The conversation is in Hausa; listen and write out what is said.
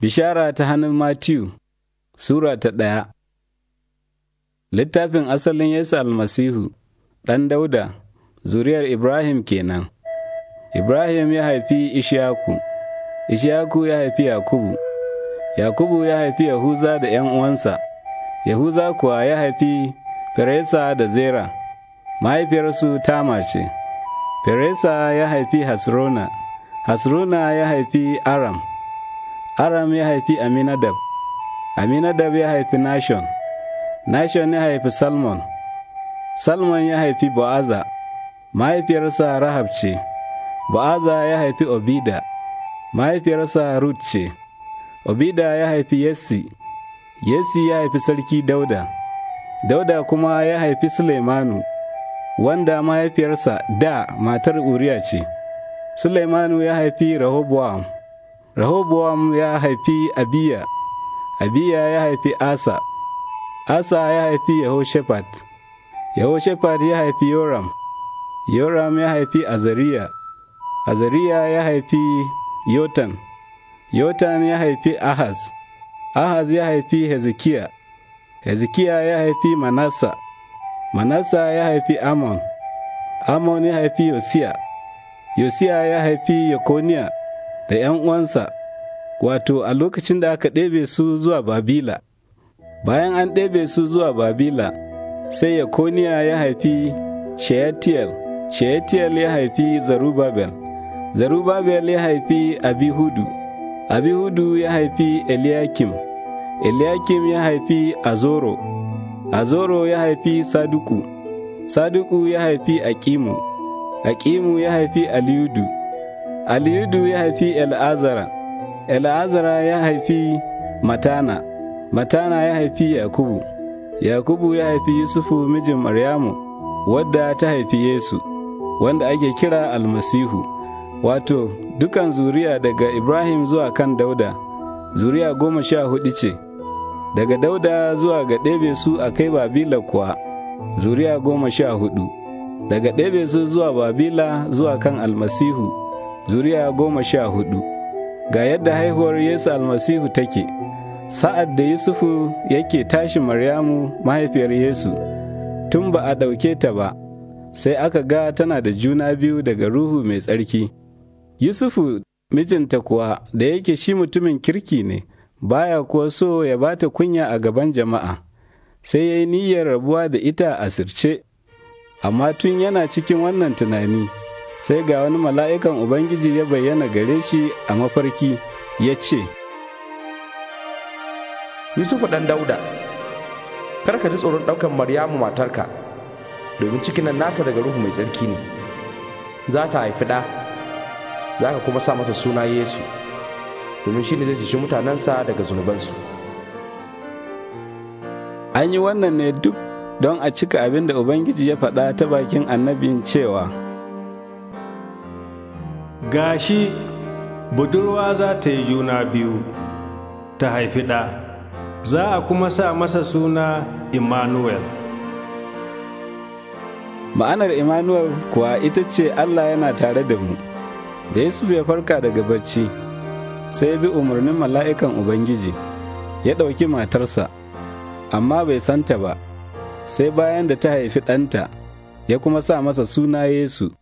Bishara ta hannun Matiyu Sura ta ɗaya Littafin asalin Yesu almasihu, ɗan dauda, zuriyar Ibrahim kenan. Ibrahim ya haifi Ishaku, Ishaku ya haifi Yakubu, Yakubu ya haifi Yahuza da ‘yan uwansa, Yahuza kuwa ya haifi Feresa da Zera, mahaifiyarsu ta mace. Feresa ya haifi Hasrona, Hasrona ya haifi Aram. aram ya haifi aminadab aminadab ya haifi nashon nashon ya haifi salmon salmon ya haifi bo'aza mahaifiyarsa rahab ce ba'aza ya haifi obida mahaifiyarsa rut ce obida ya haifi yesi Yesi ya haifi sarki dauda dauda kuma ya haifi suleimanu wanda mahaifiyarsa da matar uriya ce suleimanu ya haifi Rahobuwa. Rehoboam ya haifi Abiya, Abiya ya haifi Asa, Asa ya haifi Yehoshaphat, Yehoshaphat ya haifi Yoram, Yoram ya haifi Azariya, Azariya ya haifi Yotan, Yotan ya haifi Ahaz, Ahaz ya haifi Hezekiya, Hezekiya ya haifi Manasa, Manasa ya haifi Amon, Amon ya haifi Yosia, Yosia ya haifi Yekoniya, da ‘yan uwansa, wato a lokacin da aka ɗebe su zuwa Babila. Bayan an ɗebe su zuwa Babila, sai Yakoniya ya haifi Sheyatiyel, Sheyatiyel ya haifi Zarubabel, Zarubabel ya haifi Abihudu, Abihudu ya haifi Eliyakim, Eliyakim ya haifi Azoro, Azoro ya haifi Saduku, Saduku ya haifi Akimu, Akimu ya haifi Aliyudu. Aliyudu ya haifi El'azara, El'azara ya haifi Matana, Matana ya haifi Yakubu, Yakubu ya haifi Yusufu mijin Maryamu, wadda ta haifi Yesu, wanda ake kira Almasihu, wato, dukan zuriya daga Ibrahim zuwa kan Dauda, zuriya goma sha hudu ce, daga Dauda zuwa ga ɗebe su a kai Babila kuwa, zuriya goma sha hudu, daga ɗebe su zuwa Babila zuwa kan Almasihu. zuriya goma sha hudu ga yadda haihuwar yesu almasihu take sa'ad da yusufu yake tashi maryamu mahaifiyar yesu tun ba a ɗauke ta ba sai aka ga tana da juna biyu daga ruhu mai tsarki yusufu mijinta kuwa da yake shi mutumin kirki ne baya kuwa so ya ba ta kunya a gaban jama'a sai ya yi niyyar rabuwa da ita a sirce amma tun yana cikin wannan tunani sai ga wani mala'ikan Ubangiji ya bayyana gare shi a mafarki ya ce, Yusufu ɗan dauda, karka ji tsoron ɗaukan Maryamu matarka, domin cikin nan nata daga Ruhu mai tsarki ne, za ta haifi ɗa, za ka kuma sa masa suna Yesu, domin shi ne zai cici mutanensa daga zunubansu. An yi wannan ne duk don a cika abin da Ubangiji ya faɗa ta bakin annabin cewa. gashi budurwa za ta yi juna biyu ta haifi ɗa za a kuma sa masa suna Immanuel. Ma'anar Immanuel kuwa ita ce Allah yana tare da mu, da Yesu ya farka daga bacci, sai bi umarnin mala'ikan Ubangiji, ya ɗauki matarsa, amma bai santa ba, sai bayan da ta haifi ɗanta, ya kuma sa masa suna Yesu.